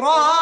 التراب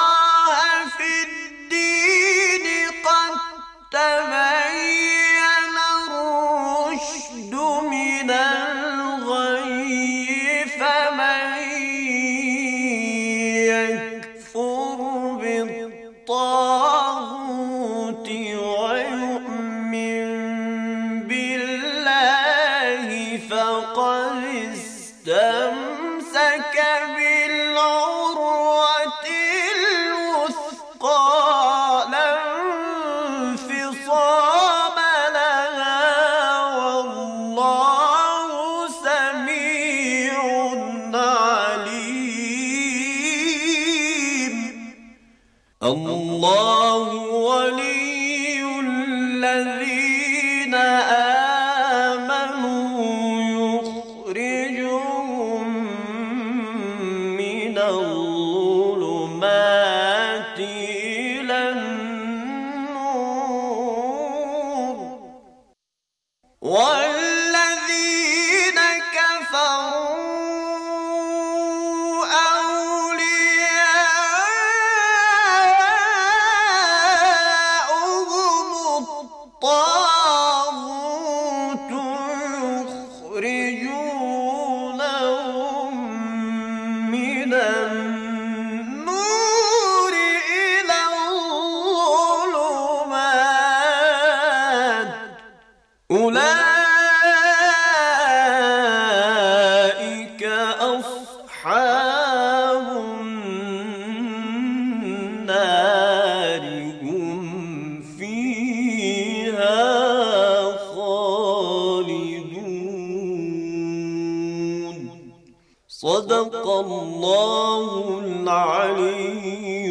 صدق الله العلي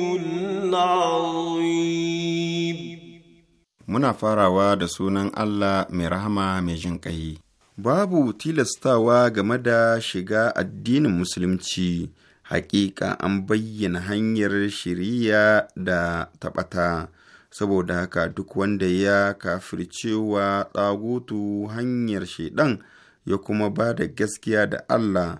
العظيم muna farawa da sunan Allah mai rahama mai jin ƙai. Babu tilastawa game da shiga addinin Musulunci, hakika an bayyana hanyar shiriya da taɓata, saboda haka duk wanda ya kafircewa ɗagutu hanyar shaidan ya kuma ba da gaskiya da Allah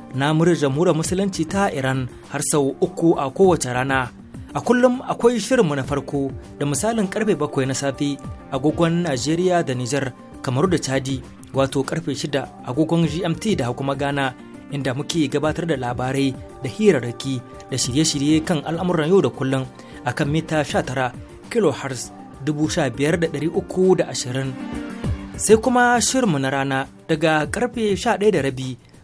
na murar jamhuriyar musulunci ta Iran har sau uku a kowace rana. A kullum akwai shirinmu na farko da misalin karfe bakwai na safe agogon Najeriya da Nijar kamaru da Chadi wato karfe shida agogon GMT da kuma Ghana inda muke gabatar da labarai da hirarraki da shirye-shirye kan al'amuran yau da kullum akan mita dubu da uku da ashirin, sai kuma shirinmu na rana daga karfe ɗaya da rabi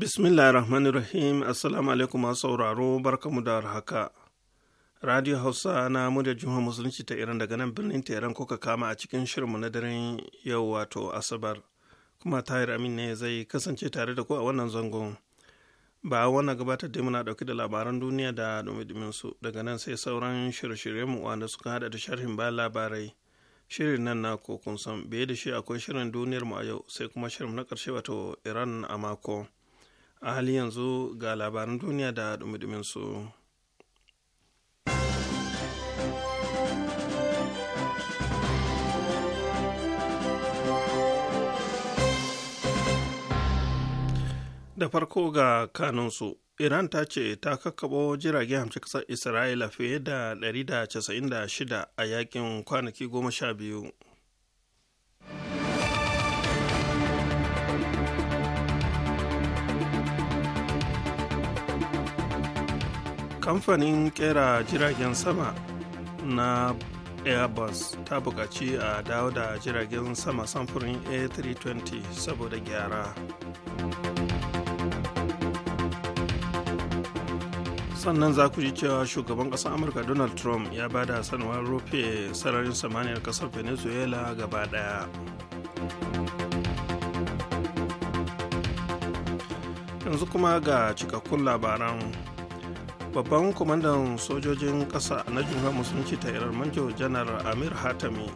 bismillahir rahmanir rahim assalamu alaikum masu sauraro barkamu da haka radio hausa na muda jihar musulunci ta iran daga nan birnin ko kuka kama a cikin shirinmu na daren yau wato asabar kuma tahir amin ne zai kasance tare da ku a wannan zangon ba wannan gabatar da muna dauke da labaran duniya da dumi su daga nan sai sauran shirye mu wanda suka hada da sharhin ba labarai shirin nan na kokun san biye da shi akwai shirin duniyar mu a yau sai kuma shirin na karshe wato iran a mako a hali yanzu ga labaran duniya da dumi su. da farko ga kanunsu iran ta ce ta kakkabo jirage hamshi kasar isra'ila fiye da 196 a yakin kwanaki goma kamfanin kera jiragen sama na airbus ta buƙaci a dawo da jiragen sama samfurin a320 saboda gyara sannan za ku ji cewa shugaban ƙasar amurka donald trump ya ba da sanuwar rufe sararin samaniyar ƙasar venezuela gaba ɗaya yanzu kuma ga cikakkun labaran babban kwamandan sojojin ƙasa na jihar musulunci ta iran manjo janar amir hatami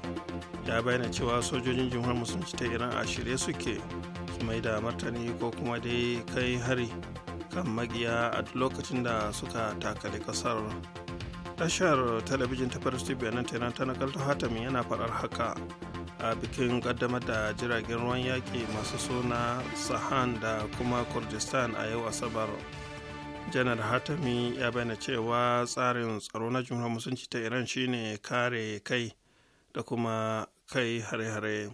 ya bayyana cewa sojojin jihar musulunci ta iran a shirye suke su mai da martani ko kuma dai kai hari kan magiya a lokacin da suka takali kasar. tashar talabijin ta first nan ta ta nakalta hatami yana faɗar haka a bikin kaddamar da jiragen ruwan yaƙi masu suna sahan da kuma kurdistan a yau asabar. janar hatami ya bayyana cewa tsarin tsaro na jumhuriyar musulunci ta iran shine kare kai da kuma kai hare-hare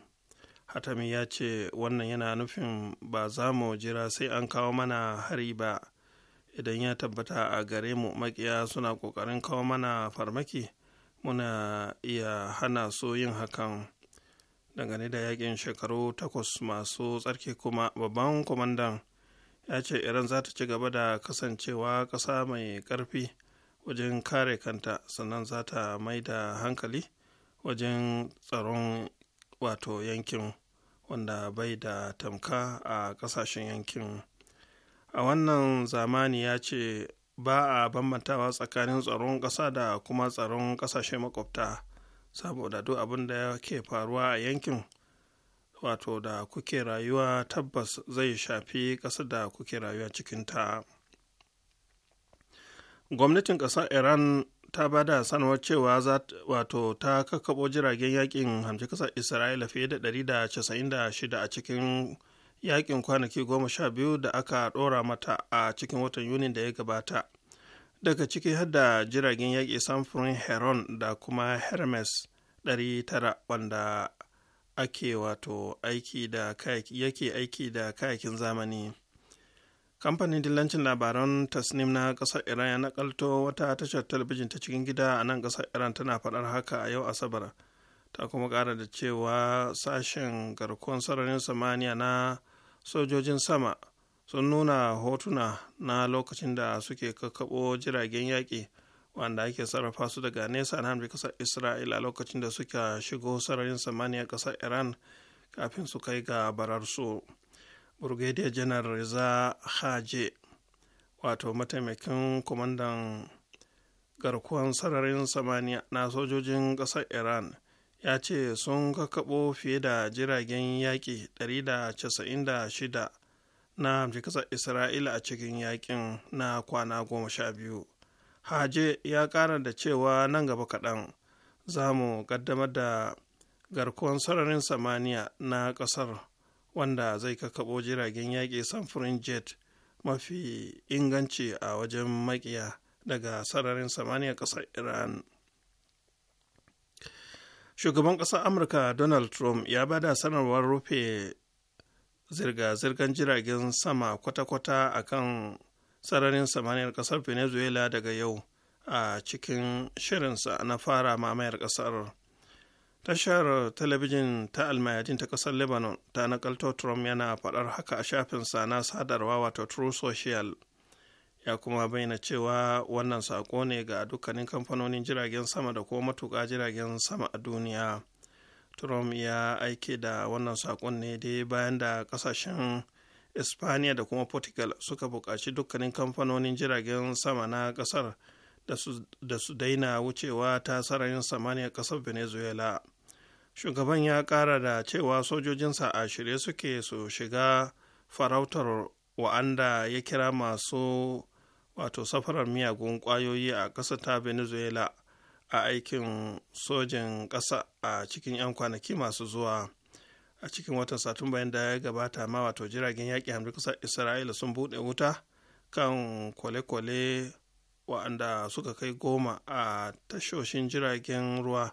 hatami ya ce wannan yana nufin ba za mu jira sai an kawo mana hari ba idan ya tabbata a gare mu makiya suna ƙoƙarin kawo mana farmaki muna iya hana su yin hakan dangane da yakin shekaru takwas masu tsarki kuma babban kwamandan ya ce iran za ta ci gaba da kasancewa ƙasa mai ƙarfi wajen kare kanta sannan za ta mai da hankali wajen tsaron wato yankin wanda bai da tamka a ƙasashen yankin a wannan zamani ya ce ba a bambantawa tsakanin tsaron ƙasa da kuma tsaron ƙasashe makwabta saboda duk abin da ke faruwa a yankin wato da kuke rayuwa tabbas zai shafi ƙasar da kuke rayuwa cikin cikinta gwamnatin ƙasar iran ta ba da sanarwar cewa za wato ta kakkaɓo jiragen yakin hamshi ƙasar isra'ila fiye da 196 a cikin yakin kwanaki goma da aka ɗora mata a cikin watan yuni da ya gabata daga ciki har da jiragen yaƙi samfurin heron da kuma hermes 900 wanda ake wato aiki da yake aiki da kayakin zamani kamfanin dillancin labaran tasnim na kasar iran ya nakalto wata tashar talabijin ta cikin gida a nan kasar iran tana faɗar haka a yau asabar ta kuma ƙara da cewa sashen garkuwar sararin samaniya na sojojin sama sun nuna hotuna na lokacin da suke kakkaɓo jiragen yaƙi wanda ake sarrafa su daga nesa na hannun kasar isra'ila lokacin da suka shigo sararin samaniya kasar iran kafin su kai ga bararsu brigadier janar reza haje wato mataimakin kwamandan garkuwan sararin samaniya na sojojin kasar iran ya ce sun kakabo fiye da jiragen yaƙi 196 na hamshi kasar isra'ila a cikin yaƙin na kwana goma sha biyu haje ya ƙara da cewa nan gaba kaɗan za mu ƙaddamar da garkuwan sararin samaniya na ƙasar wanda zai kakaɓo jiragen yaƙi samfurin jet mafi inganci a wajen maƙiya daga sararin samaniya ƙasar iran shugaban ƙasar amurka donald trump ya bada sanarwar rufe zirga-zirgar jiragen sama kwata-kwata a kan sararin samaniyar kasar venezuela daga yau a cikin shirinsa na fara mamayar kasar tashar talabijin ta almayadin ta kasar lebanon ta nakalto trump yana faɗar haka a shafinsa na sadarwa wato true social ya kuma bayyana cewa wannan saƙo ne ga dukkanin kamfanonin jiragen sama da kuma matuka jiragen sama a duniya trump ya aike da wannan saƙon ne dai bayan da ƙasashen Espaniya da kuma Portugal suka buƙaci dukkanin kamfanonin jiragen sama na ƙasar da su daina wucewa ta sararin samaniya ƙasar Venezuela. Shugaban ya ƙara da cewa sojojinsa a shirye suke su shiga farautar wa'anda ya kira masu wato safarar miyagun ƙwayoyi a ƙasa ta Venezuela a aikin sojin ƙasa a cikin 'yan kwanaki masu zuwa. a cikin watan satumba da ya gabata ma wato jiragen yaƙi hamdu kasar isra'ila sun buɗe wuta kan kwale-kwale waɗanda suka kai goma a tashoshin jiragen ruwa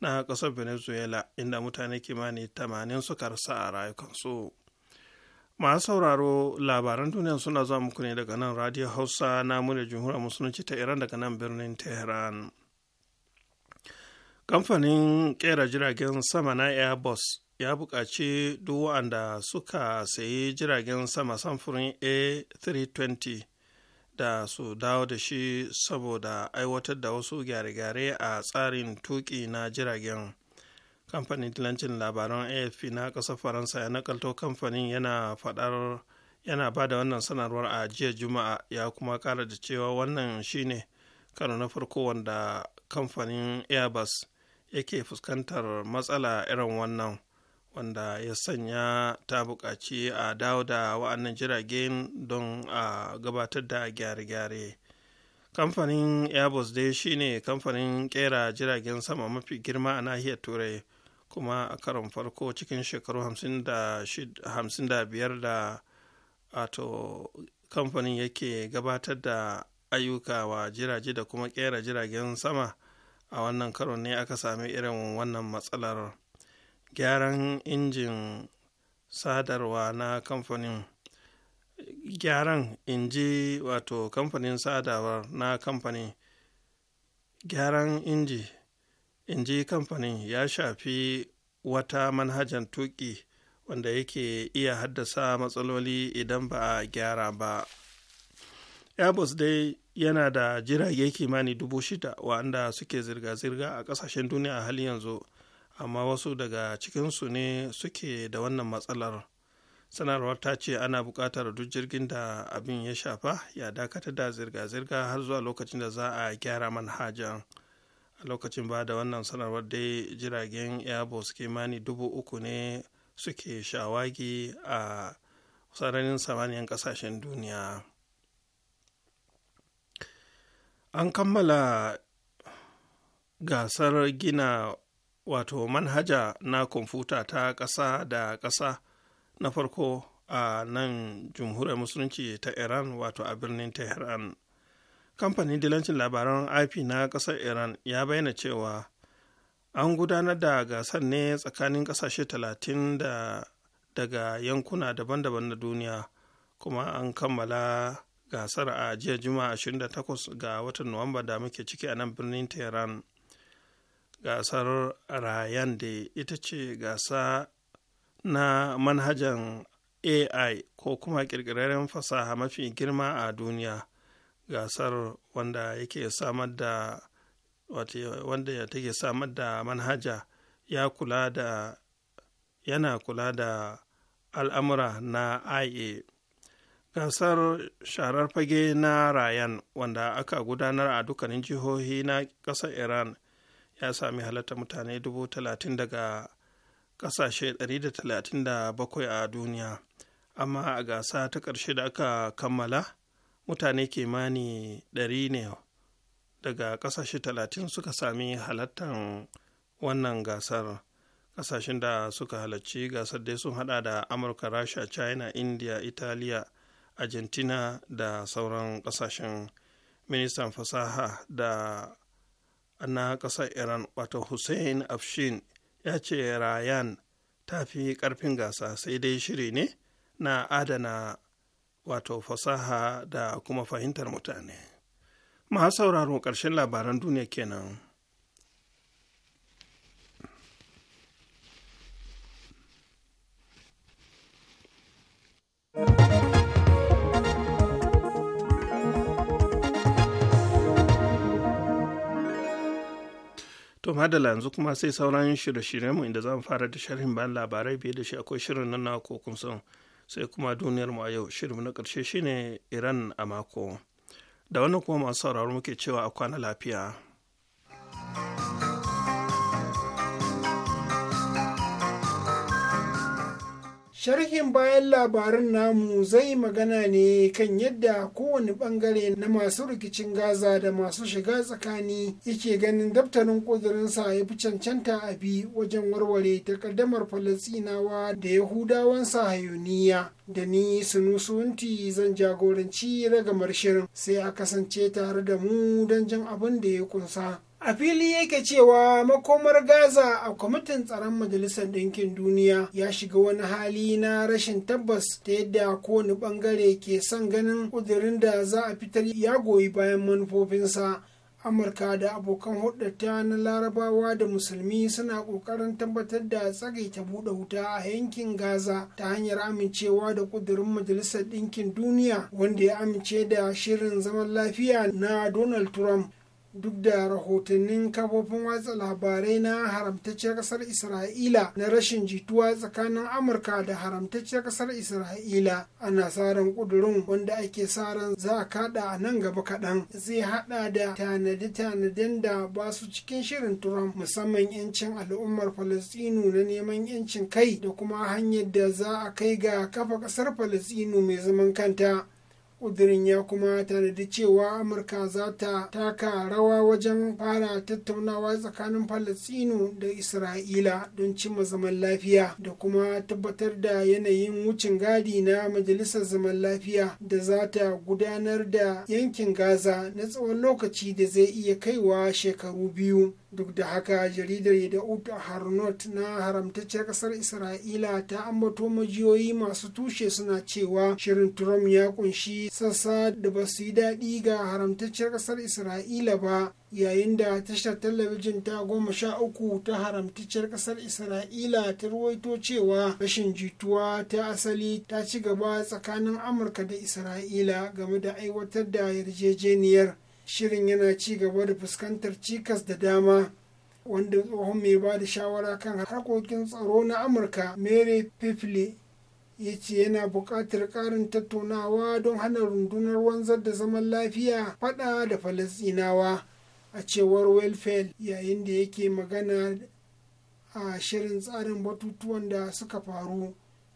na ƙasar venezuela inda mutane kimani tamanin suka rasa a rayukansu masu sauraro labaran duniya suna zuwa muku ne daga nan radio hausa na mu da jamhuriyar musulunci ta iran daga nan birnin tehran kamfanin kera jiragen sama na airbus ya buƙaci duk waɗanda suka sayi jiragen sama samfurin a320 da su dawo da shi saboda aiwatar da wasu gyare-gyare a tsarin tuƙi na jiragen kamfanin dilancin labaran afp na ƙasar faransa ya nakalto kamfanin yana faɗar yana ba da wannan sanarwar a jiya juma'a ya kuma ƙara da cewa wannan shine karo na farko wanda kamfanin airbus yake fuskantar matsala irin wannan wanda ya sanya ta buƙaci a dawo da wa'annan jiragen don a gabatar da gyare-gyare kamfanin airbus dai shine kamfanin kera jiragen sama mafi girma a nahiyar turai kuma a karon farko cikin shekaru 55 da ato kamfanin yake gabatar da ayyuka wa jiraje da kuma kera jiragen sama a wannan karon ne aka sami irin wannan matsalar gyaran injin sadarwa na kamfanin gyaran inji wato kamfanin sadarwa na kamfanin gyaran inji inji kamfanin ya shafi wata manhajan tuki wanda yake iya haddasa matsaloli idan ba a gyara ba airbus dai yana da jirage kimanin dubu shida wanda suke zirga-zirga a kasashen duniya a halin yanzu amma wasu daga cikinsu ne suke da wannan matsalar sanarwar ta ce ana buƙatar duk jirgin da abin ya shafa ya dakata da zirga-zirga har zuwa lokacin da za a gyara manhajan a lokacin ba da wannan sanarwar dai jiragen airbus kimani dubu uku ne suke shawagi a sararin samaniyan kasashen duniya an kammala gasar gina wato manhaja na kwamfuta ta ƙasa da ƙasa na farko a nan jamhuriyar musulunci ta iran wato a birnin tehran kamfanin dilancin labaran ip na ƙasar iran ya bayyana cewa an gudanar da gasar ne tsakanin ƙasashe 30 daga yankuna daban-daban na duniya kuma an kammala gasar a jiya juma'a 28 ga watan nuwamba da muke ciki a nan birnin tehran gasar rayan da ita ce gasa na manhajan ai ko kuma ƙirƙirarren fasaha mafi girma a duniya gasar wanda yake samar da wanda take samar da manhaja ya kula da yana kula da al'amura na ia gasar sharar fage na rayan wanda aka gudanar a dukkanin jihohi na ƙasar iran ya sami halatta mutane dubu talatin daga ƙasashe 137 a duniya amma a gasa ta ƙarshe da aka kammala mutane kimani 100 ne daga ƙasashe 30 suka sami halartar wannan gasar ƙasashen da suka halarci gasar dai sun hada da amurka rasha china india italiya argentina da sauran kasashen ministan fasaha da na ƙasar iran wato hussein afshin ya ce rayan ta fi ƙarfin gasa sai dai shiri ne na adana wato fasaha da kuma fahimtar mutane masu sauraro ƙarshen labaran duniya kenan. thank you To madala yanzu kuma sai sauran shirye mu inda zamu fara da sharhin bayan labarai biye da shi akwai shirin nan na kun son sai kuma duniyar mu a yau shirin na ƙarshe shine Iran a mako. Da wannan kuma masu sauraro muke cewa a kwana lafiya. sharhin bayan labarin namu zai magana ne kan yadda kowane bangare na masu rikicin gaza da masu shiga tsakani yake ganin daftarin ƙudurinsa ya fi cancanta a bi wajen warware takaddamar falasinawa da yahudawan sahayoniya da ni sunusunti zan jagoranci ragamar shirin sai a kasance tare da mu don jin abin da ya kunsa a fili yake cewa makomar gaza a kwamitin tsaron majalisar ɗinkin duniya ya shiga wani hali na rashin tabbas ta yadda kowane ɓangare ke son ganin ƙudurin da za a fitar ya goyi bayan manufofinsa amurka da abokan hudata na larabawa da musulmi suna ƙoƙarin tabbatar da tsagaita buɗe wuta a yankin gaza ta hanyar amincewa da ƙudurin majalisar ɗinkin duniya wanda ya amince da shirin zaman lafiya na donald trump duk da rahotannin kafofin watsa labarai na haramtacciyar kasar isra'ila na rashin jituwa tsakanin amurka da haramtacciyar kasar isra'ila ana tsarin kudurin wanda ake ran za a kada a nan gaba kaɗan zai haɗa da tanade tanadin da ba su cikin shirin trump musamman yancin al'ummar falastinu na neman yancin kai da kuma hanyar da za a kai ga kafa ƙasar falastinu mai zaman kanta ƙudirin ya kuma tanadi cewa amurka za ta taka rawa wajen fara tattaunawa tsakanin falastinu da isra'ila don cimma zaman lafiya da kuma tabbatar da yanayin wucin gadi na majalisar zaman lafiya da za ta gudanar da yankin gaza na tsawon lokaci da zai iya kaiwa shekaru biyu duk da haka jaridar uta harnot na haramtacciyar kasar isra'ila ta ambato majiyoyi masu tushe suna cewa shirin trump ya kunshi sassa da ba su yi daɗi ga haramtacciyar kasar isra'ila ba yayin da tashar talabijin ta goma sha uku ta haramtacciyar kasar isra'ila ta ruwaito cewa rashin jituwa ta asali ta ci gaba tsakanin amurka da isra'ila game da aiwatar da yarjejeniyar shirin yana ci gaba da fuskantar cikas da dama wanda tsohon mai ba da shawara kan harkokin tsaro na amurka mary pifle ya ce yana buƙatar ƙarin tattaunawa don hana rundunar wanzar da zaman lafiya faɗa da falasinawa a cewar welfare yayin da yake magana a shirin tsarin batutuwan da suka faru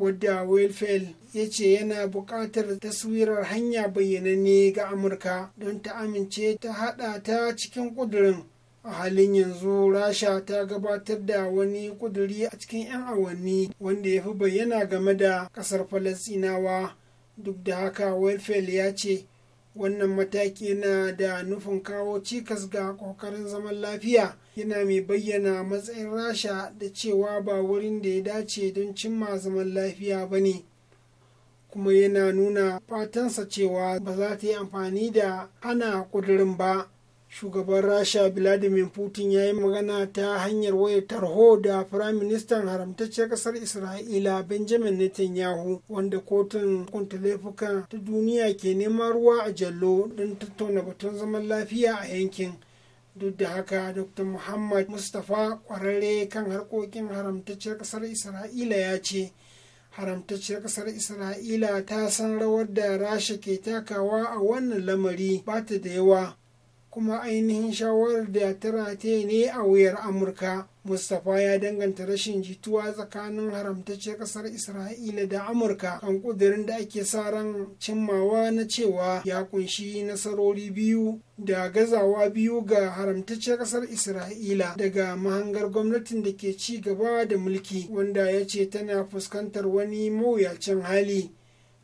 wadda Wilfell ya ce yana buƙatar taswirar hanya bayyananne ga amurka don ta amince ta haɗa ta cikin ƙudurin a halin yanzu rasha ta gabatar da wani ƙuduri a cikin 'yan awanni wanda ya fi bayyana game da ƙasar falasinawa duk da haka Wilfell ya ce wannan mataki yana da nufin kawo cikas ga kokarin zaman lafiya yana mai bayyana matsayin rasha da cewa ba wurin da ya dace don cimma zaman lafiya ba ne kuma yana nuna fatansa cewa ba za ta yi amfani da hana kudurin ba shugaban rasha vladimir putin ya yi magana ta hanyar wayar tarho da firaministan haramtacciyar kasar isra'ila benjamin netanyahu wanda kotun hukunta laifuka ta duniya ke neman ruwa a jallo don tattauna batun zaman lafiya a yankin duk da haka dr muhammad mustapha kwararre kan harkokin haramtacciyar kasar isra'ila ya ce haramtacciyar kasar isra'ila ta san rawar da rasha ke takawa a wannan lamari ba ta da yawa kuma ainihin shawarar da ta rataye ne a wuyar amurka mustapha ya danganta rashin jituwa tsakanin haramtacciyar kasar isra'ila da amurka kan kudirin da ake sa ran cimmawa na cewa ya kunshi nasarori biyu da gazawa biyu ga haramtacciyar kasar isra'ila daga mahangar gwamnatin da ke ci gaba da mulki wanda ya ce tana fuskantar wani mawuyacin hali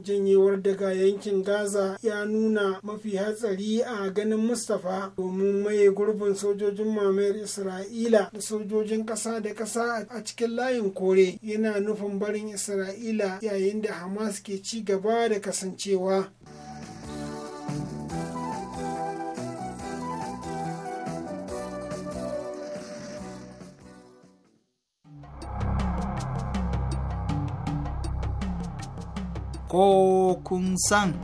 janyewar daga yankin gaza ya nuna mafi hatsari a ganin mustapha domin maye gurbin sojojin mamayar isra'ila da sojojin kasa da kasa a cikin layin kore yana nufin barin isra'ila yayin da hamas ke ci gaba da kasancewa. ko kun san.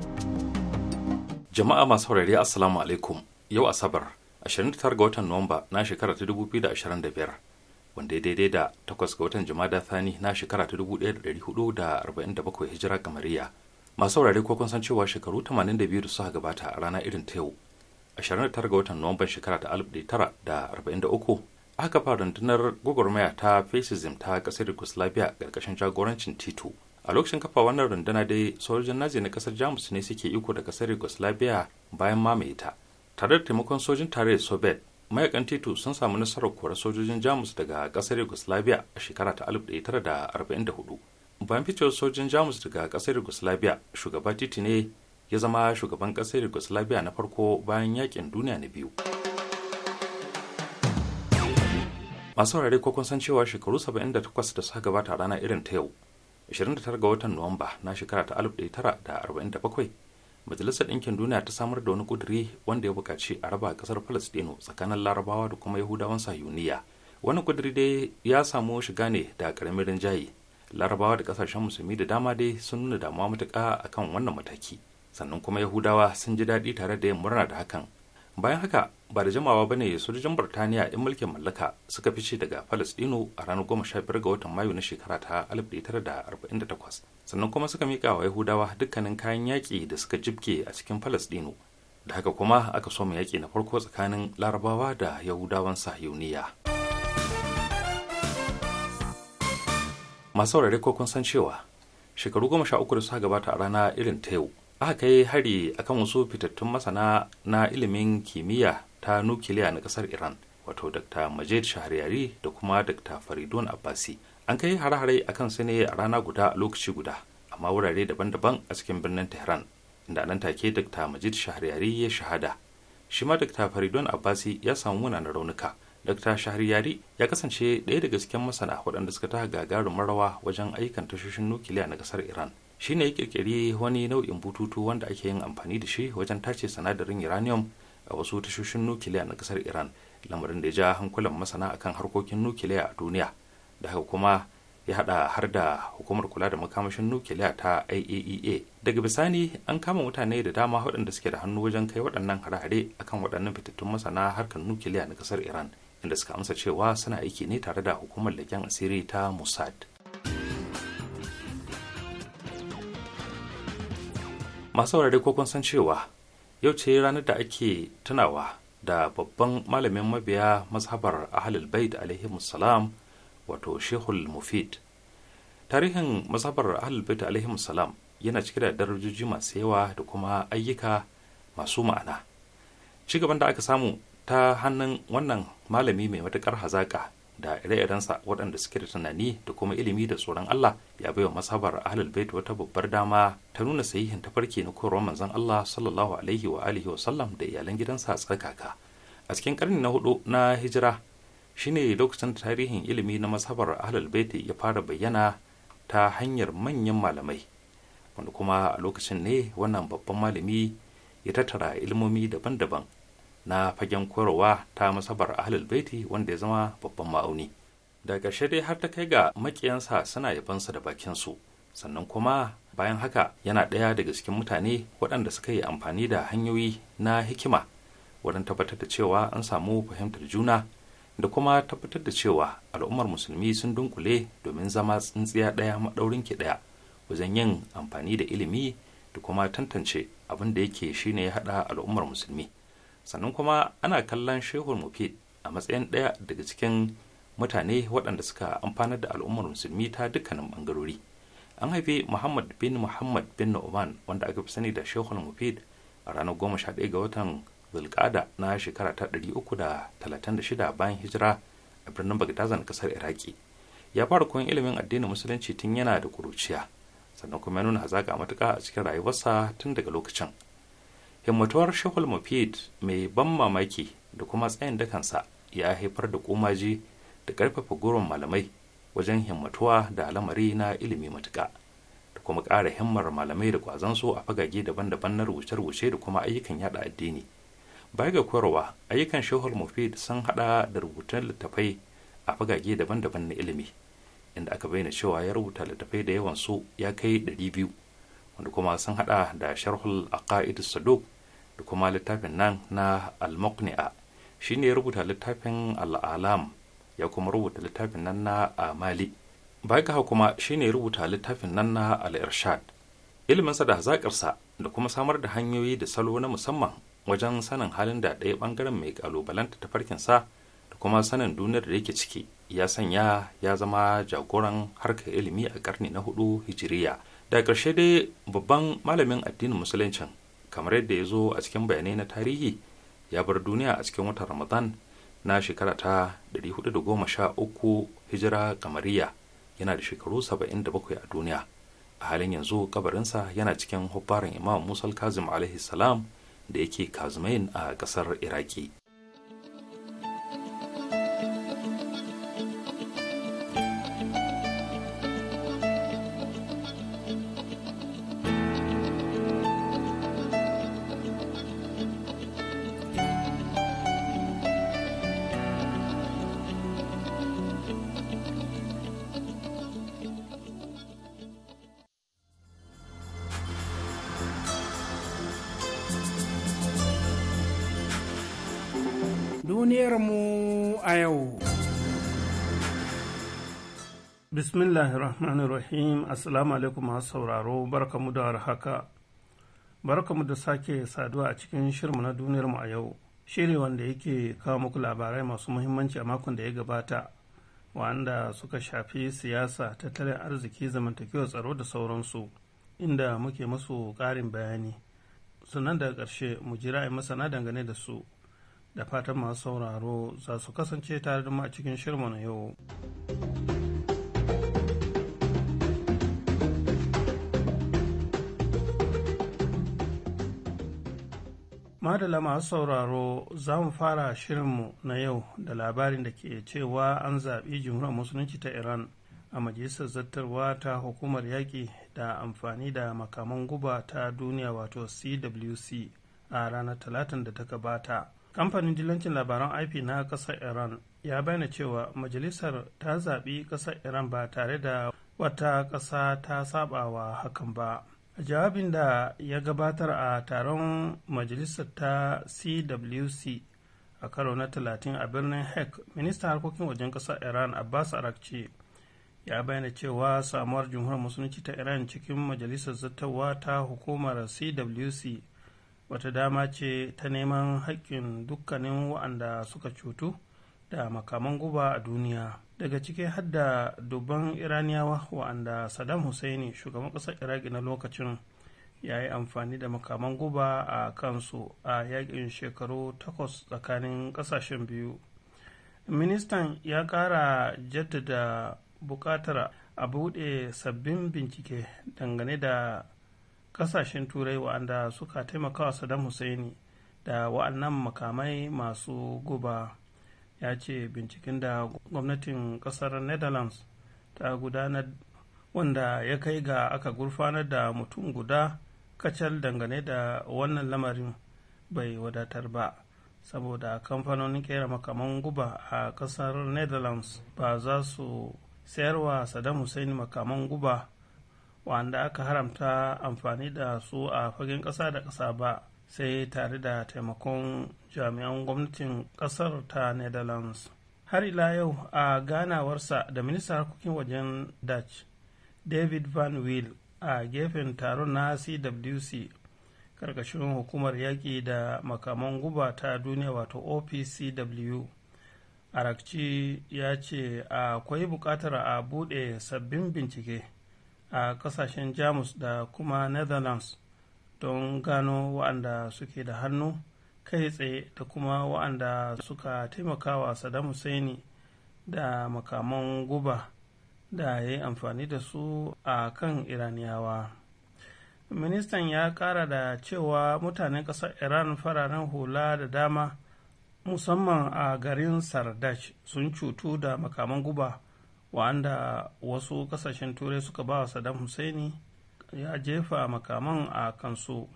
Jama'a masu haurari Assalamu alaikum yau Asabar 29 ga watan Nuwamba na shekara ta 2025 wanda ya daidai da 8 ga watan Jumada Thani na shekara ta 1447 hijira kamariya. Masu saurare ko kun san cewa shekaru 82 da suka gabata a rana irin ta yau 29 ga watan Nuwamban shekara ta 1943 aka fara rundunar gwagwarmaya ta fascism ta ƙasar Yugoslavia ƙarƙashin jagorancin Tito. a lokacin kafa wannan rundunar dai sojojin nazi na kasar jamus ne suke iko da kasar yugoslavia bayan mamaye ta tare da taimakon sojin tarayyar soviet mayakan titu sun samu nasarar kora sojojin jamus daga kasar yugoslavia a shekara ta 1944 bayan fitowar sojin jamus daga kasar yugoslavia shugaba titi ne ya zama shugaban kasar yugoslavia na farko bayan yakin duniya na biyu masu wurare ko kun san cewa shekaru 78 da suka gabata rana irin ta yau 29 ga watan nuwamba na shekara ta 1947 majalisar ɗinkin duniya ta samar da wani ƙuduri wanda ya buƙaci a raba ƙasar falastinu tsakanin larabawa da kuma yahudawan sahiyuniya wani ƙuduri dai ya samu shiga ne da ƙaramin rinjaye larabawa da ƙasashen musulmi da dama dai sun nuna damuwa matuƙa akan wannan mataki sannan kuma yahudawa sun ji daɗi tare da yin murna da hakan bayan haka ba da jimawa ba ne sojojin burtaniya 'yan mulkin mallaka suka fice daga palestino a ranar goma sha biyar ga watan mayu na shekara ta 1948 sannan kuma suka miƙa wa yahudawa dukkanin kayan yaƙi da suka jibge a cikin palestino da haka kuma aka soma yaƙi na farko tsakanin larabawa da yahudawan sahiyoniya masu saurari ko kun san cewa shekaru goma sha uku da suka gabata a rana irin ta yau aka kai hari akan wasu fitattun masana na ilimin kimiyya ta nukiliya na kasar iran wato dr majid shahariyari da kuma dr faridun abbasi an kai hare-hare akan su ne a rana guda a lokaci guda amma wurare daban-daban a cikin birnin tehran inda nan take dr majid shahariyari ya shahada shi ma dr faridun abbasi ya samu munanan raunuka dr shahariyari ya kasance ɗaya daga cikin masana waɗanda suka ta gagarumin rawa wajen ayyukan tashoshin nukiliya na ƙasar iran shine ya kirkiri wani nau'in bututu wanda ake yin amfani da shi wajen tace sinadarin uranium a wasu tashoshin nukiliya na kasar iran lamarin da ya ja hankulan masana akan harkokin nukiliya a duniya da haka kuma ya hada har da hukumar kula da makamashin nukiliya ta iaea e daga bisani an kama mutane da dama waɗanda suke da hannu wajen kai waɗannan hare-hare akan waɗannan fitattun masana harkar nukiliya na kasar iran inda suka amsa cewa suna aiki ne tare da hukumar leken asiri ta mossad masu wurare ko kun san cewa yau ce ranar da ake tunawa da babban malamin mabiya mazhabar ahlul bait alaihi salam wato shehul mufid tarihin mazhabar ahlul bait alaihi salam yana cike da darajoji masu yawa da kuma ayyuka masu ma'ana cigaban da aka samu ta hannun wannan malami mai matuƙar hazaƙa da ire-irensa waɗanda suke da tunani da kuma ilimi da tsoron Allah ya bai wa masabar ahlul bait wata babbar dama ta nuna sahihin tafarki na koyarwar manzan Allah sallallahu alaihi wa alihi wa sallam da iyalan gidansa tsarkaka a cikin karni na hudu na hijira shine lokacin tarihin ilimi na masabar ahlul bait ya fara bayyana ta hanyar manyan malamai wanda kuma a lokacin ne wannan babban malami ya tattara ilmomi daban-daban na fagen koyarwa ta masabar ahlul baiti wanda ya zama babban ma'auni da ƙarshe dai har ta kai ga makiyansa suna yabansa da bakinsu sannan kuma bayan haka yana ɗaya daga cikin mutane waɗanda suka yi amfani da hanyoyi na hikima wurin tabbatar da cewa an samu fahimtar juna da kuma tabbatar da cewa al'ummar musulmi sun dunkule domin zama tsintsiya ɗaya maɗaurin ki ɗaya wajen yin amfani da ilimi da kuma tantance abin da yake shine ya haɗa al'ummar musulmi sannan kuma ana kallon shehu mufid a matsayin ɗaya daga cikin mutane waɗanda suka amfanar da al'ummar musulmi ta dukkanin bangarori an haifi muhammad bin muhammad bin nu'man wanda aka fi sani da shehu mufid a ranar goma sha ɗaya ga watan zulkada na shekara ta ɗari uku da talatin da shida bayan hijira a birnin bagdazan kasar iraki ya fara koyon ilimin addinin musulunci tun yana da kuruciya sannan kuma ya nuna hazaƙa matuƙa a cikin rayuwarsa tun daga lokacin himmatuwar shehul mufid mai ban mamaki da kuma tsayin dakansa ya haifar da komaji da karfafa gurin malamai wajen himmatuwa da lamari na ilimi matuka da kuma ƙara himmar malamai da kwazansu a fagage daban-daban na rubuce-rubuce da kuma ayyukan yada addini baya ga koyarwa ayyukan shehul mufid sun hada da rubutun littafai a fagage daban-daban na ilimi inda aka bayyana cewa ya rubuta littafai da yawan su ya kai 200 wanda kuma sun hada da sharhul aqaid saduq da kuma littafin nan na al-muqni'a shine ya rubuta littafin al-alam ya kuma rubuta littafin nan na amali bai ga kuma shine ya rubuta littafin nan na al-irshad iliminsa da hazaƙarsa da kuma samar da hanyoyi da salo na musamman wajen sanin halin da ɗaya ɓangaren mai ƙalubalanta sa da kuma sanin duniyar da yake ciki ya sanya ya zama jagoran harkar ilimi a ƙarni na hudu hijiriya da ƙarshe dai babban malamin addinin musuluncin kamar yadda ya zo a cikin bayanai na tarihi ya bar duniya a cikin watan ramadan na shekara ta 413 hijira kamariya yana da shekaru 77 a duniya a halin yanzu kabarinsa yana cikin hubbaran imam musal kazim alaihi salam da yake kazimain a kasar iraki duniyarmu a yau. Bismillahirrahmanirrahim Assalamu alaikum masu sauraro barkamu da haka. Barkamu da sake saduwa a cikin shirmu na duniyarmu a yau. Shiri wanda yake kawo muku labarai masu muhimmanci a makon da ya gabata, wanda suka shafi siyasa, tattalin arziki, zamantakewa tsaro da sauransu, inda muke musu ƙarin bayani. Sannan daga ƙarshe mu jira masana dangane da su. da fatan masu sauraro za su kasance tare da mu a cikin shirma na yau. Madala masu sauraro za mu fara shirinmu na yau da labarin da ke cewa an zaɓi jumhuriyar musulunci ta Iran a majalisar zartarwa ta hukumar yaƙi da amfani da makaman guba ta duniya wato CWC a ranar talatin da ta gabata. kamfanin dilancin labaran ip na ƙasa iran ya bayyana cewa majalisar ta zaɓi ƙasar iran ba tare da wata ƙasa ta saɓawa hakan ba a jawabin da ya gabatar a taron majalisar ta cwc a karo na 30 a birnin hec ministan harkokin wajen ƙasar iran abbas arakci ya bayyana cewa samuwar jamhuriyar musulunci ta iran cikin majalisar zattawa ta hukumar cwc wata dama ce ta neman haƙƙin dukkanin wa'anda suka cutu da makaman guba a duniya daga ciki hadda dubban iraniyawa wa'anda saddam hussein shugaban ƙasar iraki na lokacin ya yi amfani da makaman guba a kansu a yaƙin shekaru takwas tsakanin ƙasashen biyu ministan ya ƙara jaddada buƙatar a buɗe sabbin bincike dangane da kasashen turai wa'anda suka taimakawa saddam husaini da wa'annan makamai masu guba ya ce binciken da gwamnatin kasar netherlands ta gudanar wanda ya kai ga aka gurfanar da mutum guda kacal dangane da wannan lamarin bai wadatar ba saboda kamfanonin kera makaman guba a kasar netherlands ba za su sayarwa saddam hussein makaman guba wanda aka haramta amfani da su a fagen ƙasa da ƙasa ba sai tare da taimakon jami'an gwamnatin ƙasar ta netherlands har ila yau a ganawarsa da ministan harkokin wajen dutch david van will a gefen taron na cwc karkashin hukumar yaƙi da makaman guba ta duniya wato opcw arakci ya ce akwai buƙatar a buɗe sabbin bincike a kasashen jamus da kuma netherlands don gano wa'anda suke da hannu kai tsaye da kuma wa'anda suka taimakawa saddam hussein da makaman guba da ya yi amfani da su a kan iraniyawa ministan ya kara da cewa mutanen ƙasar iran fararen hula da dama musamman a garin sardash sun cutu da makaman guba wanda wasu kasashen turai suka ba wa saddam husaini ya jefa makaman a kansu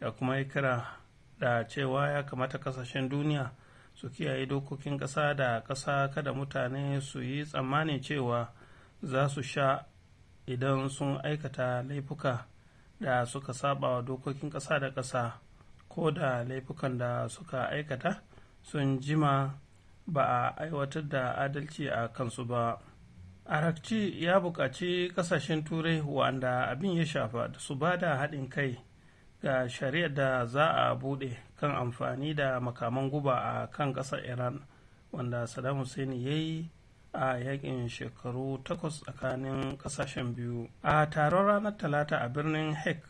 ya kuma yi kira da cewa ya kamata kasashen duniya su kiyaye dokokin ƙasa da ƙasa kada mutane su yi tsammanin cewa za su sha idan sun aikata laifuka da suka saba wa dokokin ƙasa da ƙasa ko da laifukan da suka aikata sun jima ba a aiwatar da adalci a kansu ba. arakci ya buƙaci ƙasashen turai wanda abin ya shafa da su ba da haɗin kai ga shari'ar da za a buɗe kan amfani da makaman guba a kan ƙasar iran wanda saddam hussein ya yi a yakin shekaru takwas tsakanin ƙasashen biyu a taron ranar talata a birnin hek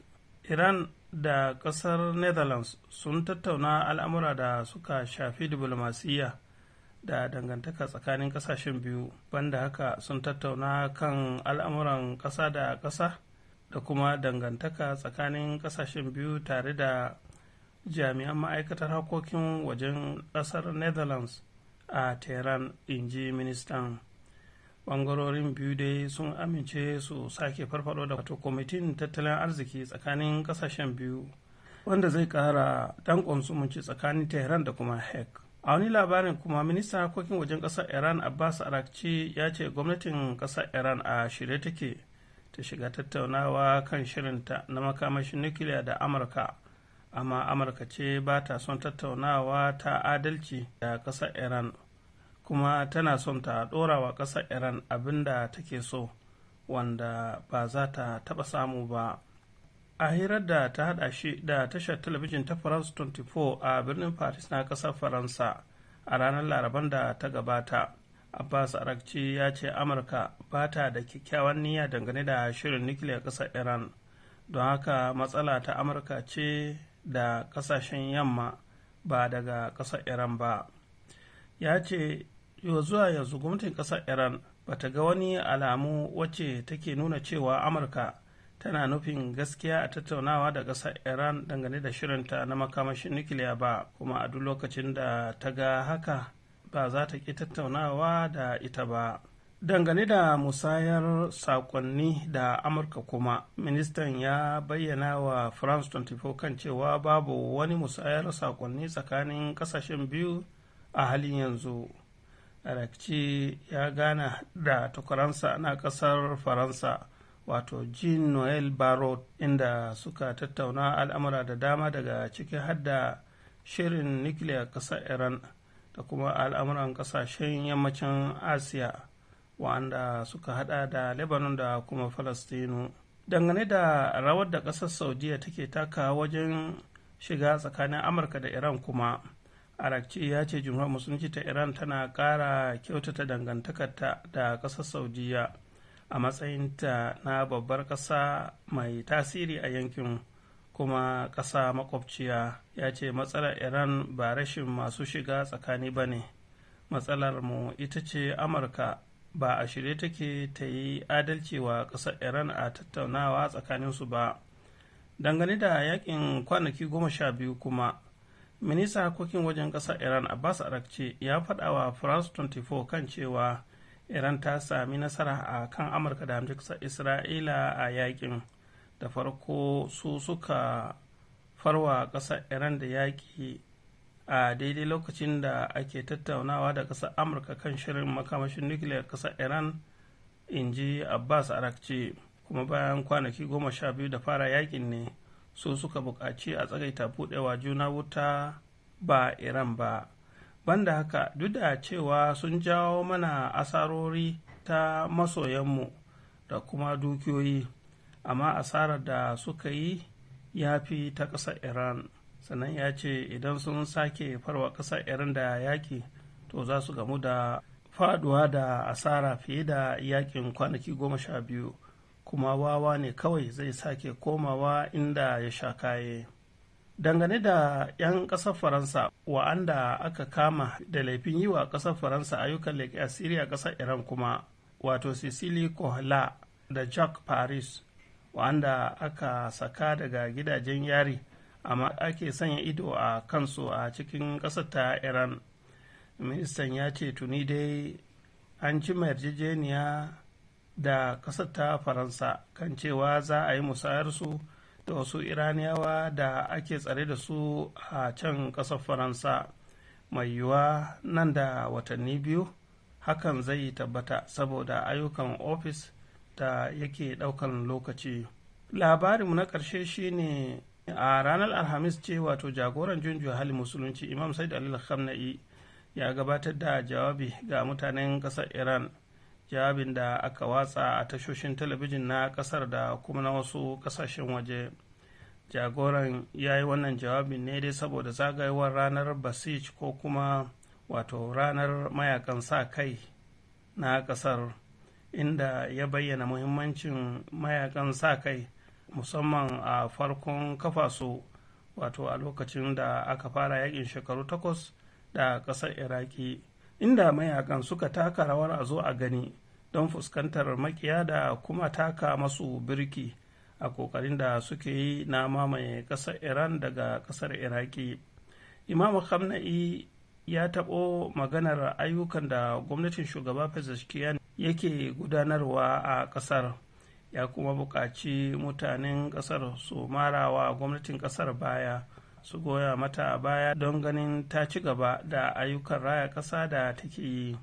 iran da ƙasar netherlands sun tattauna al'amura da suka shafi diplomasiyya da dangantaka tsakanin kasashen biyu banda haka sun tattauna kan al'amuran ƙasa da ƙasa da kuma dangantaka tsakanin kasashen biyu tare da jami'an ma'aikatar harkokin wajen ƙasar netherlands a tehran inji ministan ɓangarorin biyu dai sun amince su sake farfado da wato kwamitin tattalin arziki tsakanin kasashen biyu wanda zai ƙara danƙon sumunci tsakanin tehran da kuma hek a wani labarin kuma ministan harkokin wajen ƙasar iran abbas arakci ya ce gwamnatin ƙasar iran a shirye take ta shiga tattaunawa kan shirinta na makamashin nukiliya da amurka amma amurka ce ba ta son tattaunawa ta adalci da ƙasar iran kuma tana son ta ɗora wa ƙasar iran abin da take so wanda ba za ta taɓa samu ba a hirar da ta hada shi da tashar talabijin ta france 24 a birnin paris na kasar faransa a ranar laraban da ta gabata abbas arakci ya ce amurka ba ta da kyakkyawan niyya dangane da shirin nukiliyar kasar iran don haka matsala ta amurka ce da kasashen yamma ba daga kasar iran ba ya ce zuwa yanzu gwamnatin kasar iran ba ta ga wani alamu wacce take nuna cewa amurka tana nufin gaskiya a tattaunawa da ƙasar iran dangane da shirinta na makamashin nukiliya ba kuma a duk lokacin da ta ga haka ba za ta ƙi tattaunawa da ita ba dangane da musayar sakonni da amurka kuma ministan ya bayyana wa france 24 kan cewa babu wani musayar sakonni tsakanin kasashen biyu a halin yanzu arakci ya gana da tukuransa na kasar faransa wato jean noel barrot inda suka tattauna al'amura da dama daga cikin hadda shirin nukiliya ƙasar iran da kuma al'amuran ƙasashen yammacin asiya wanda suka hada da lebanon da kuma falastinu dangane da rawar da ƙasar saudiya take taka wajen shiga tsakanin amurka da iran kuma arakci ya ce jumhuriyar musulunci ta iran tana ƙara kyautata dangantakarta da ƙasar saudiya a matsayinta na babbar ƙasa mai tasiri a yankin kuma ƙasa makwabciya ya ce matsalar iran ba rashin masu shiga tsakani ba ne matsalar mu ita ce amurka ba a shirye take ta yi adalci wa ƙasar iran a tattaunawa tsakaninsu ba dangane da yakin kwanaki goma sha biyu kuma minista harkokin wajen ƙasar iran abbas arakci ya faɗa wa france 24 kan cewa iran ta sami nasara a kan amurka da hamjiksa isra'ila a yakin da farko su suka farwa ƙasar iran da yaƙi a daidai lokacin da ake tattaunawa da ƙasar amurka kan shirin makamashin nukiliyar ƙasar iran in ji abbas arakci kuma bayan kwanaki goma sha biyu da fara yakin ne su suka buƙaci a tsagaita buɗewa juna wuta ba iran ba banda haka duk da cewa sun jawo mana asarori ta masoyanmu da kuma dukiyoyi amma asarar da suka yi ya fi ta ƙasa iran sannan ya ce idan sun sake farwa ƙasa iran da yaƙi to za su gamu da faduwa da asara fiye da yakin kwanaki goma sha biyu kuma wawa ne kawai zai sake komawa inda ya sha kaye. dangane da 'yan ƙasar faransa wa'anda aka kama da laifin yi wa ƙasar faransa ayyukan leƙi asiriya ƙasar iran kuma wato cecily kohla da jack paris wa'anda aka saka daga gidajen yari amma ake sanya ido a kansu a cikin ƙasar ta iran ministan ya ce tuni dai an ci yarjejeniya da ƙasar ta faransa kan cewa za a yi musayar su. da wasu iraniyawa da ake tsare da su a can ƙasar faransa mai yiwuwa nan da watanni biyu hakan zai tabbata saboda ayyukan ofis da yake ɗaukan lokaci labarinmu na ƙarshe shine a ranar alhamis ce wato jagoran junjuya hali musulunci imam said alil khamna'i ya gabatar da jawabi ga mutanen ƙasar iran jawabin da aka watsa a tashoshin talabijin na kasar da kuma na wasu kasashen waje jagoran ya yi wannan jawabin ne dai saboda zagayewar ranar basij ko kuma wato ranar mayakan sa kai na kasar inda ya bayyana muhimmancin mayakan sa kai musamman a farkon kafa su wato a lokacin da aka fara yakin shekaru takwas da kasar iraki inda mayakan suka taka rawar a zo a gani don fuskantar makiya da kuma taka masu birki a kokarin da suke yi na mamaye ƙasar iran daga ƙasar iraki imamu khamna'i ya taɓo maganar ayyukan da gwamnatin shugaba pezeshkian yake gudanarwa a ƙasar ya kuma buƙaci mutanen ƙasar su marawa gwamnatin ƙasar baya su goya mata a baya don ganin ta ci gaba da ayyukan raya ƙasa da take yi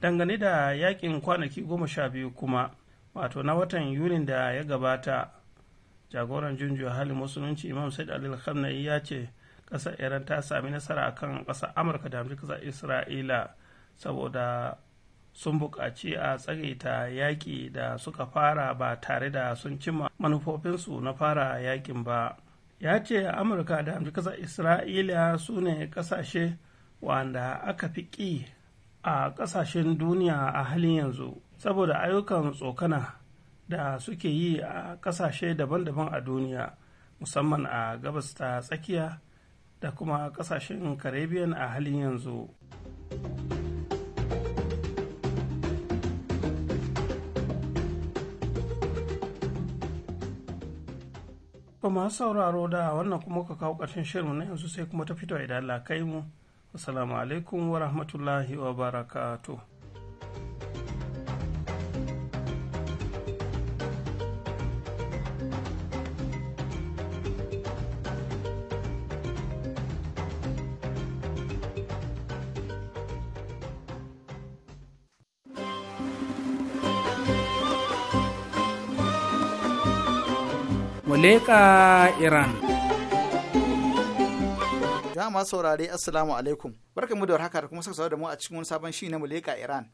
dangane da yakin kwanaki goma sha biyu kuma wato na watan yunin da ya gabata jagoran junjiya halin musulunci imam said alil khamnai ya ce ƙasar iran ta sami nasara akan ƙasar amurka da ƙasar isra'ila saboda sun buƙaci a tsagaita yaƙi da suka fara ba tare da sun cimma manufofinsu na fara yaƙin ba ya ce amurka da amurka isra'ila su ne kasashe wanda aka fi ƙi a kasashen duniya a halin yanzu saboda ayyukan tsokana da suke yi a kasashe daban-daban a duniya musamman a gabas ta tsakiya da kuma kasashen caribbean a halin yanzu. ba masu sauraro da wannan kuma ka kawo ƙarshen shirin na yanzu sai kuma ta fito idan lakai kai mu. Assalamu alaikum wa rahmatullahi wa barakatuh. Muleka Iran. Jama'a saurare Assalamu alaikum. mu da warhaka da kuma saka da mu a cikin wani sabon shi na Muleka Iran.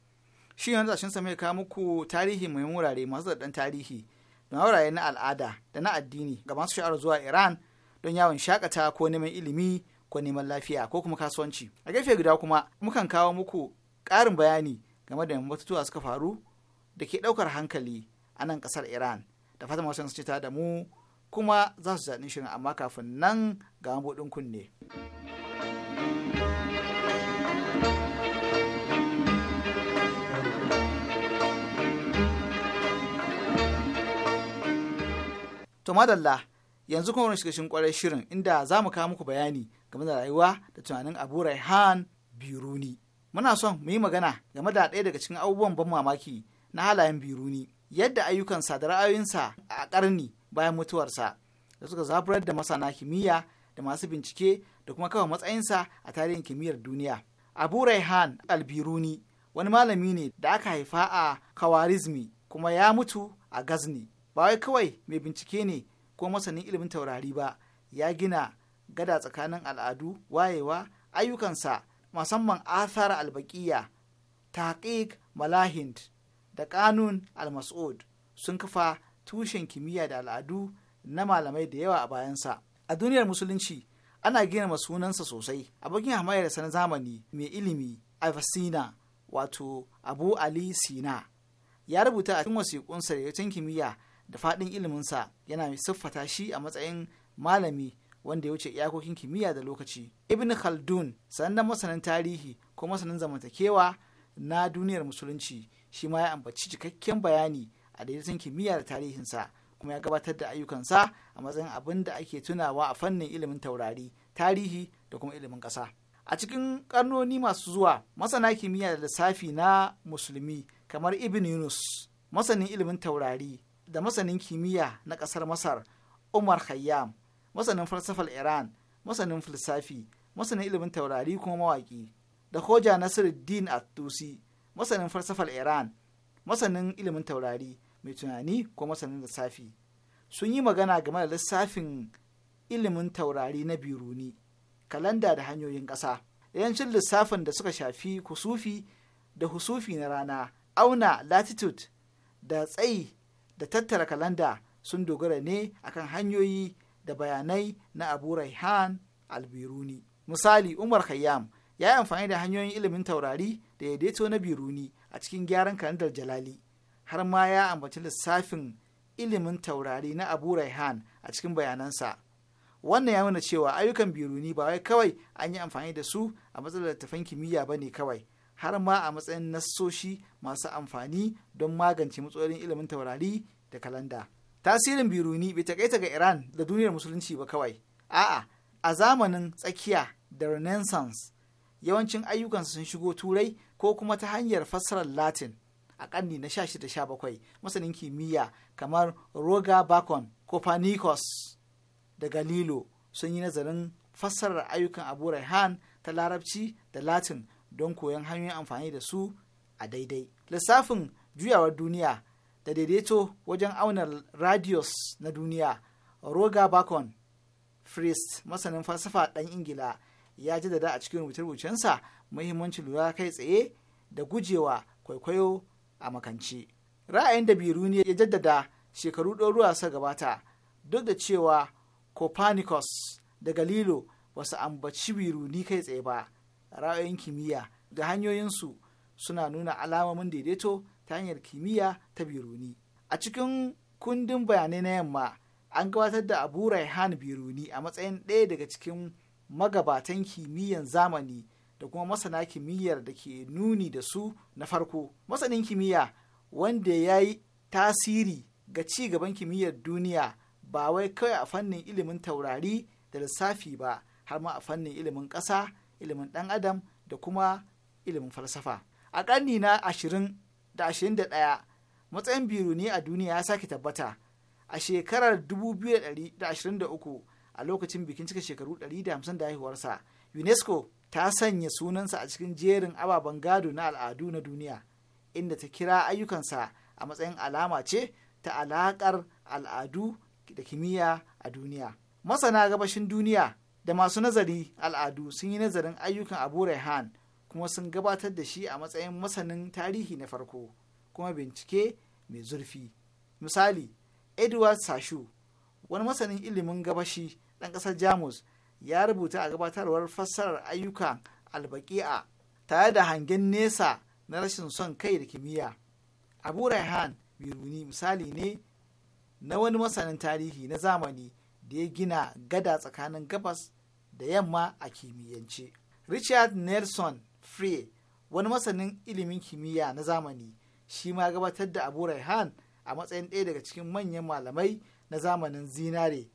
Shi yanzu a cikin sa mai kawo muku tarihi mai wurare masu daɗan tarihi da wurare na al'ada da na addini ga masu sha'ar zuwa Iran don yawon shakata ko neman ilimi ko neman lafiya ko kuma kasuwanci. A gefe guda kuma mukan kawo muku ƙarin bayani game da batutuwa suka faru da ke ɗaukar hankali a nan ƙasar Iran. Da fatan masu yanzu ta da mu kuma za su zaɗin shirin amma kafin nan ga mabuɗin kunne. To yanzu kuma wani shigashin kwarai shirin inda za mu kawo muku bayani game da rayuwa da tunanin Abu Raihan Biruni. Muna son mu yi magana game da ɗaya daga cikin abubuwan ban mamaki na halayen Biruni, yadda ayyukansa da ra'ayoyinsa a ƙarni bayan mutuwarsa da suka zaburar da masana kimiyya da masu bincike da kuma kawai matsayinsa a tarihin kimiyyar duniya. Abu Raihan Albiruni wani malami ne da aka haifa a Kawarizmi kuma ya mutu a Gazni. Ba wai kawai mai bincike ne ko masanin ilimin taurari ba, ya gina gada tsakanin al'adu, wayewa, ayyukansa musamman athar albaƙiya, taqiq malahind da kanun al sun kafa tushen kimiyya da al'adu na malamai da yawa a bayansa a duniyar musulunci ana gina sunansa sosai A bakin hamayar da na zamani mai ilimi afasina wato abu ali sina ya rubuta a cikin wasiƙunsa da kimiyya da faɗin iliminsa yana siffata shi a matsayin malami wanda ya wuce iyakokin kimiyya da lokaci ibn khaldun sanannen masanin tarihi ko masanin zamantakewa na duniyar musulunci shi ma ya ambaci cikakken bayani a daidaiton kimiyya da tarihinsa kuma ya gabatar da ayyukansa a matsayin abin da ake tunawa a fannin ilimin taurari tarihi da kuma ilimin ƙasa a cikin ƙarnoni masu zuwa masana kimiyya da lissafi na musulmi kamar ibn yunus masanin ilimin taurari da masanin kimiyya na ƙasar masar umar khayyam masanin falsafar iran masanin lissafi masanin ilimin taurari kuma mawaƙi da hoja nasiruddin at masanin falsafar iran masanin ilimin taurari mai tunani ko masanin lissafi sun yi magana game da lissafin ilimin taurari na biruni kalanda da hanyoyin ƙasa yancin lissafin da suka shafi kusufi da husufi na rana auna latitude da tsayi da tattara kalanda sun dogara ne akan hanyoyi da bayanai na abu raihan albiruni misali umar khayyam ya yi amfani da hanyoyin ilimin taurari da daidaito na biruni a cikin gyaran kalandar jalali har ma ya ambaci lissafin ilimin taurari na abu raihan a cikin bayanansa wannan ya nuna cewa ayyukan biruni ba wai kawai an yi amfani da su a matsalar littattafan kimiyya ba ne kawai har ma a matsayin nassoshi masu amfani don magance matsalolin ilimin taurari da kalanda tasirin biruni bai takaita ga iran da duniyar musulunci ba kawai a'a a zamanin tsakiya da renaissance yawancin ayyukansu sun shigo turai ko kuma ta hanyar fassarar latin a ƙarni na 16-17 masanin kimiyya kamar roger bacon copernicus da galilo sun yi nazarin fassarar ayyukan abu raihan ta larabci da latin don koyon hanyoyin amfani da su a daidai lissafin juyawar duniya da daidaito wajen auna radius na duniya roga bacon priest masanin falsafa ɗan ingila ya jaddada a cikin rubuce-rubucensa muhimmancin lura kai tsaye da gujewa kwaikwayo a makance ra'ayin da biruni ya jaddada shekaru ɗoruwa sa gabata duk da cewa copernicus da galilo ba su ambaci biruni kai tsaye ba ra'ayoyin kimiyya da hanyoyinsu suna nuna alamomin daidaito ta hanyar kimiyya ta biruni a cikin kundin bayanai na yamma an gabatar da abu raihan biruni a matsayin ɗaya daga cikin magabatan kimiyyan zamani da kuma masana kimiyyar da ke nuni da su na farko masanin kimiyya wanda ya yi tasiri ga ci gaban kimiyyar duniya ba wai kawai a fannin ilimin taurari da lissafi ba har ma a fannin ilimin ƙasa ilimin ɗan adam da kuma ilimin falsafa a ƙarni na ashirin da ashirin da ɗaya matsayin biruni a duniya ya sake tabbata a shekarar 2023 a lokacin bikin cika shekaru 150 da haihuwarsa unesco ta sanya sunansa a cikin jerin ababen gado na al'adu na duniya inda ta kira ayyukansa a matsayin alama ce ta alaƙar al'adu da kimiyya a duniya masana gabashin duniya da masu nazari al'adu sun yi nazarin ayyukan abu rehan kuma sun gabatar da shi a matsayin masanin tarihi na farko kuma bincike mai zurfi misali edward sashu wani masanin ilimin gabashi ɗan ƙasar jamus ya rubuta a gabatarwar fassarar ayyukan albaki'a tare da hangen nesa na rashin son kai da kimiyya abu raihan biruni misali ne na wani masanin tarihi na zamani da ya gina gada tsakanin gabas da yamma a kimiyyance richard nelson frey wani masanin ilimin kimiyya na zamani shi ma gabatar da abu raihan a matsayin ɗaya daga cikin manyan malamai na zamanin zinare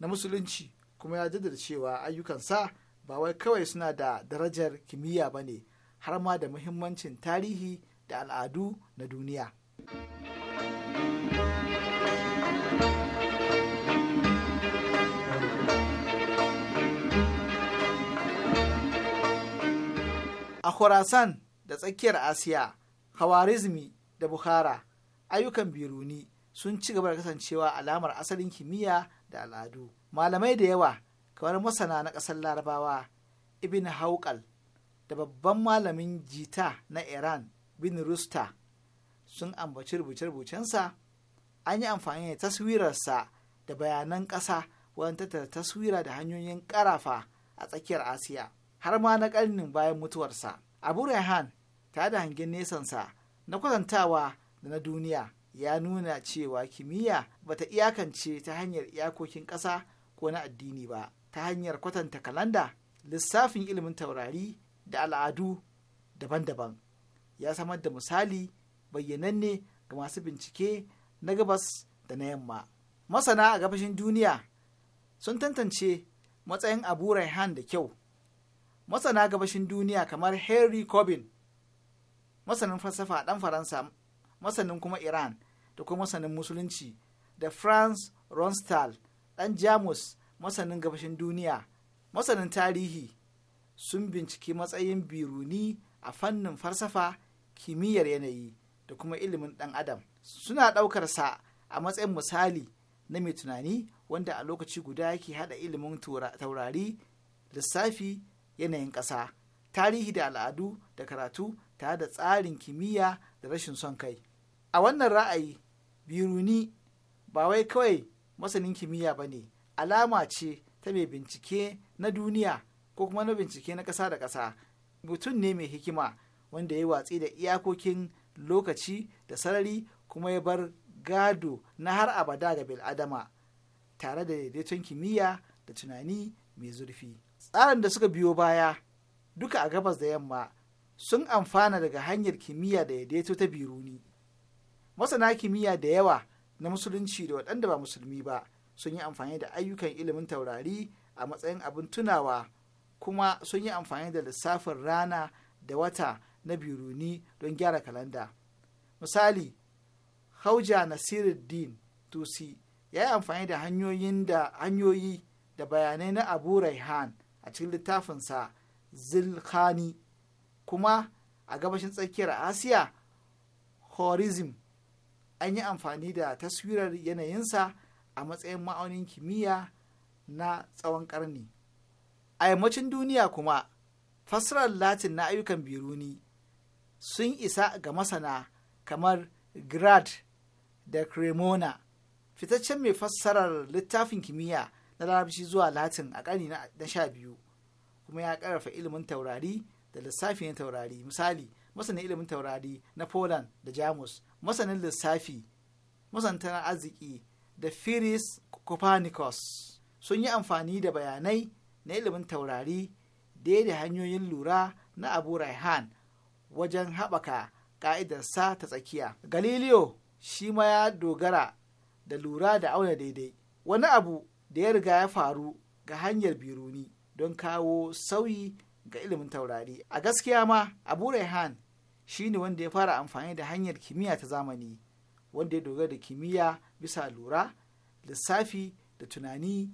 na musulunci kuma ya jaddada cewa ayyukansa ba wai kawai suna da darajar kimiyya ba ne har ma da muhimmancin tarihi da al'adu na duniya. A Khorasan da tsakiyar Asiya, Hawarizmi da Bukhara, ayyukan Biruni sun ci gaba da kasancewa alamar asalin kimiyya da al'adu malamai da yawa kamar masana na ƙasar larabawa ibn haukal da babban malamin jita na iran bin rusta sun ambaci rubuce-rubucensa an yi amfani da taswirarsa da bayanan ƙasa wajen tattara taswira da hanyoyin ƙarafa a tsakiyar asiya har ma na ƙarnin bayan mutuwarsa abu rehan ta da hangen nesansa na kwatantawa da na duniya ya nuna cewa kimiyya bata iyakance ta hanyar iyakokin ƙasa ko na addini ba ta hanyar kwatanta kalanda lissafin ilimin taurari da al'adu daban-daban ya samar da misali bayyananne ga masu bincike na gabas da na yamma masana a gabashin duniya sun tantance matsayin abu raihan da kyau masana gabashin duniya kamar henry corbin masanin falsafa ɗan faransa masanin kuma iran da kuma masanin musulunci da franz ronstal dan jamus masanin gabashin duniya masanin tarihi sun binciki matsayin biruni a fannin farsafa kimiyyar yanayi da kuma ilimin dan adam suna ɗaukarsa a matsayin misali na mai tunani wanda a lokaci guda yake haɗa ilimin taurari lissafi yanayin ƙasa tarihi da al'adu da karatu tare da tsarin kimiyya da rashin son kai a wannan ra'ayi biruni ba wai kawai masanin kimiyya ba ne alama ce ta mai bincike na duniya ko kuma na bincike na ƙasa da ƙasa mutum ne mai hikima wanda ya yi watsi da iyakokin lokaci da sarari kuma ya bar gado na har abada ga bil'adama tare da daidaiton kimiyya da tunani mai zurfi tsarin da suka biyo baya duka a gabas da yamma sun amfana daga hanyar kimiyya da daidaito ta biruni masana kimiyya da yawa na musulunci da waɗanda ba musulmi ba sun yi amfani da ayyukan ilimin taurari a matsayin abin tunawa kuma sun yi amfani da lissafin rana da wata na biruni don gyara kalanda misali hauja nasiruddin tusi ya yi amfani da hanyoyin da hanyoyi da bayanai na abu raihan a cikin littafinsa zilkhani kuma a gabashin tsakiyar asiya horizm an yi amfani da taswirar yanayinsa a matsayin ma'aunin kimiyya na tsawon ƙarni. A yammacin duniya kuma, fassarar Latin na ayyukan biruni sun isa ga masana kamar Grad da Cremona, fitaccen mai fassarar littafin kimiyya na larabci zuwa Latin a ƙarni na sha biyu, kuma ya ƙarfa ilimin taurari da lissafi na taurari. Misali, masanin ilimin taurari na poland da jamus masanin lissafi masantar arziki da firis copernicus sun yi amfani da bayanai na ilimin taurari da hanyoyin lura na abu raihan wajen haɓaka ƙa'idarsa ta tsakiya galileo shi ma ya dogara da lura da auna daidai wani abu da ya riga ya faru ga hanyar biruni don kawo sauyi ga ilimin taurari a gaskiya ma abu shi ne wanda ya fara amfani da hanyar kimiyya ta zamani wanda ya dogara da kimiyya bisa lura lissafi da tunani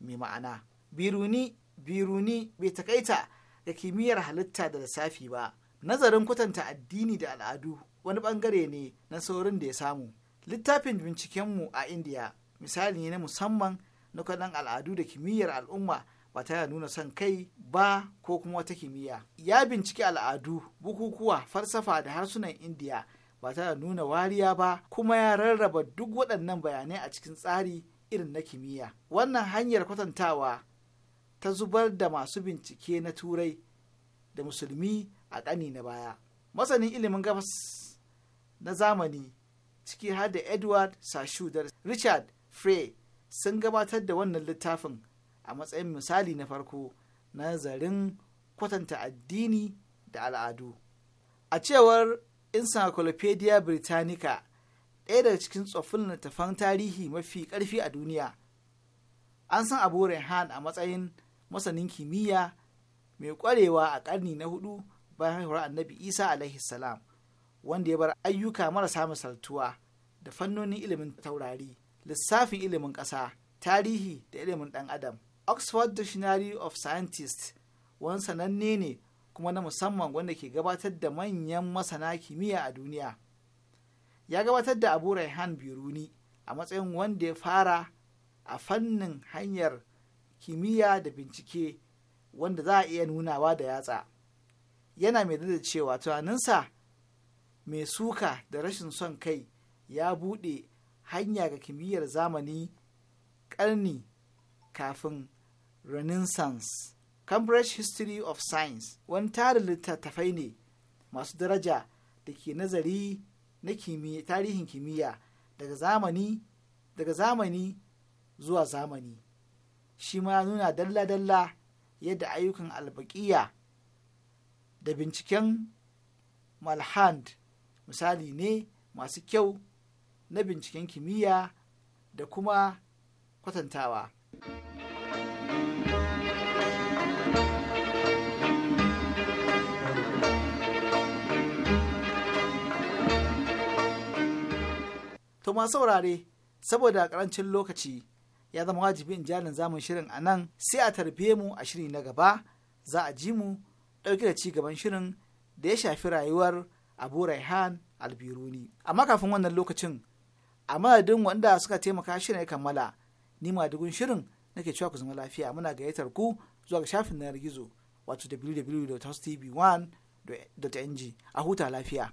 mai ma'ana biruni biruni bai takaita ga kimiyyar halitta da lissafi ba nazarin kwatanta addini da al'adu wani bangare ne na saurin da ya samu littafin bincikenmu a indiya misali ne na musamman na kwanan al'adu da kimiyyar al'umma ba ta da nuna son kai ba ko kuma wata kimiyya ya binciki al'adu bukukuwa farsafa da harsunan indiya ba ta da nuna wariya ba kuma ya rarraba duk waɗannan bayanai a cikin tsari irin na kimiyya wannan hanyar kwatantawa ta zubar da masu bincike na turai da musulmi a ƙani na baya masanin ilimin gabas na zamani ciki har da edward sashudar richard frey sun gabatar da wannan littafin a matsayin misali na farko na zarin kwatanta addini da al'adu a cewar encyclopedia britannica ɗaya daga cikin tsoffin littattafan tarihi mafi ƙarfi a duniya an san abu Han a matsayin masanin kimiyya mai ƙwarewa a ƙarni na hudu bayan haihuwar annabi isa alaihi salam wanda ya bar ayyuka marasa misaltuwa da fannonin ilimin taurari lissafin ilimin ƙasa tarihi da ilimin ɗan adam oxford dictionary of scientists wani sananne ne kuma na musamman wanda ke gabatar da manyan masana kimiyya a duniya ya gabatar da abu raihan biruni a matsayin wanda ya fara a fannin hanyar kimiyya da bincike wanda za a iya nunawa da yatsa yana mai da cewa tunaninsa mai suka da rashin son kai ya buɗe hanya ga kimiyyar zamani ƙarni kafin renaissance cambridge history of science wani tarin littattafai ne masu daraja da ke nazari na tarihin kimiyya daga zamani daga zamani zuwa zamani shi ma nuna dalla-dalla yadda ayyukan albaƙiya da binciken malhand misali ne masu kyau na binciken kimiyya da kuma kwatantawa. To ma saurare saboda karancin lokaci ya zama wajibi in jalin zamun shirin a nan sai a tarbiye mu a shiri na gaba za a ji mu ɗauke da ci gaban shirin da ya shafi rayuwar Abu Raihan Albiruni. Amma kafin wannan lokacin a madadin wanda suka taimaka shirin ya kammala ni ma dugun shirin nake cewa ku zama lafiya muna gayyatar ku zuwa ga shafin yanar gizo wato wwwtv 1ng a huta lafiya.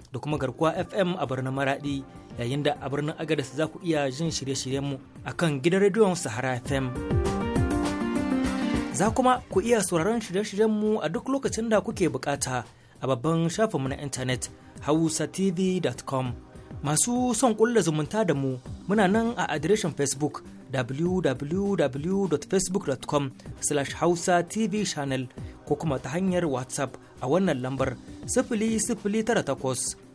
da kuma garkuwa FM a birnin Maradi yayin da a birnin Agadez za ku iya jin shirye-shiryenmu a kan gidan rediyon Sahara FM. Za kuma ku iya sauraron shirye-shiryenmu a duk lokacin da kuke bukata a babban shafinmu na intanet hausatv.com. Masu son kulla zumunta da mu muna nan a adireshin Facebook www.facebook.com slash hausa tv channel ko kuma ta hanyar WhatsApp a wannan lambar takwas.